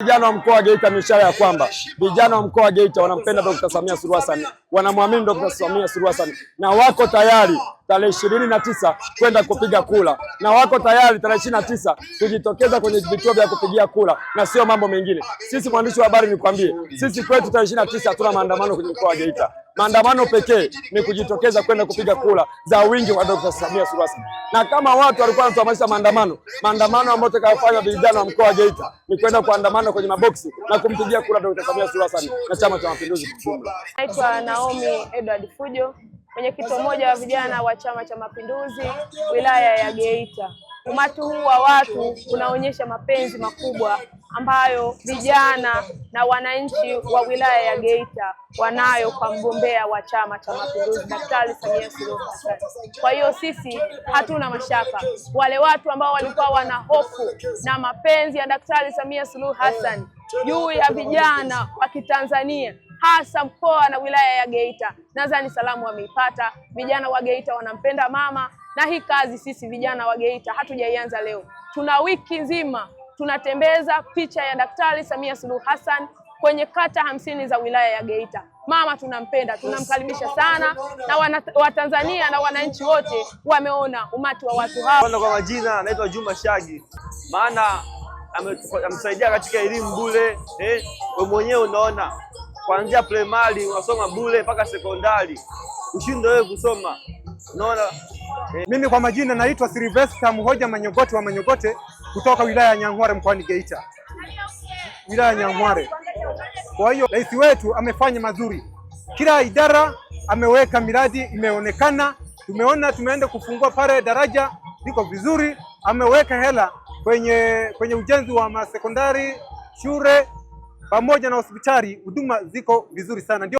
Vijana wa mkoa wa Geita ishara ya kwamba vijana wa mkoa wa Geita wanampenda Dr. Samia Suluhu Hassan, wanamwamini Dr. Samia Suluhu Hassan na wako tayari tarehe ishirini na tisa kwenda kupiga kura na wako tayari tarehe ishirini na tisa kujitokeza kwenye vituo vya kupigia kura na sio mambo mengine. Sisi mwandishi wa habari, nikwambie, sisi kwetu tarehe ishirini na tisa hatuna maandamano kwenye mkoa wa Geita maandamano pekee ni kujitokeza kwenda kupiga kura za wingi wa Dr. Samia Suluhu Hassan. Na kama watu walikuwa wanatuhamasisha maandamano, maandamano ambayo tutakayofanya vijana wa mkoa wa Geita ni kwenda kuandamana kwenye maboksi na kumpigia kura Dr. Samia Suluhu Hassan na Chama cha Mapinduzi kwa Naitwa Naomi Edward Fujo, mwenyekiti mmoja wa vijana wa Chama cha Mapinduzi wilaya ya Geita. Umati huu wa watu unaonyesha mapenzi makubwa ambayo vijana na wananchi wa wilaya ya Geita wanayo kwa mgombea wa Chama cha Mapinduzi Daktari Samia Suluhu Hassan. Kwa hiyo sisi hatuna mashaka. Wale watu ambao walikuwa wana hofu na mapenzi ya Daktari Samia Suluhu Hassan juu ya vijana wa Kitanzania hasa mkoa na wilaya ya Geita, nadhani salamu wameipata. Vijana wa Geita wanampenda mama, na hii kazi sisi vijana wa Geita hatujaianza leo, tuna wiki nzima tunatembeza picha ya Daktari Samia Suluhu Hassan kwenye kata hamsini za wilaya ya Geita. Mama tunampenda, tunamkaribisha sana, na Watanzania na wananchi wote wameona umati wa watu hawa. Kwa majina anaitwa Juma Shagi, maana amesaidia katika elimu bure. Eh, wewe mwenyewe unaona kuanzia primary unasoma bure mpaka sekondari, ushindo wewe kusoma, unaona eh. Mimi kwa majina naitwa Silvester Mhoja Manyogote wa Manyogote kutoka wilaya ya Nyang'hwale mkoani Geita, wilaya ya Nyang'hwale. Kwa hiyo rais wetu amefanya mazuri, kila idara ameweka miradi imeonekana, tumeona tumeenda kufungua pale daraja liko vizuri, ameweka hela kwenye kwenye ujenzi wa masekondari, shule pamoja na hospitali, huduma ziko vizuri sana.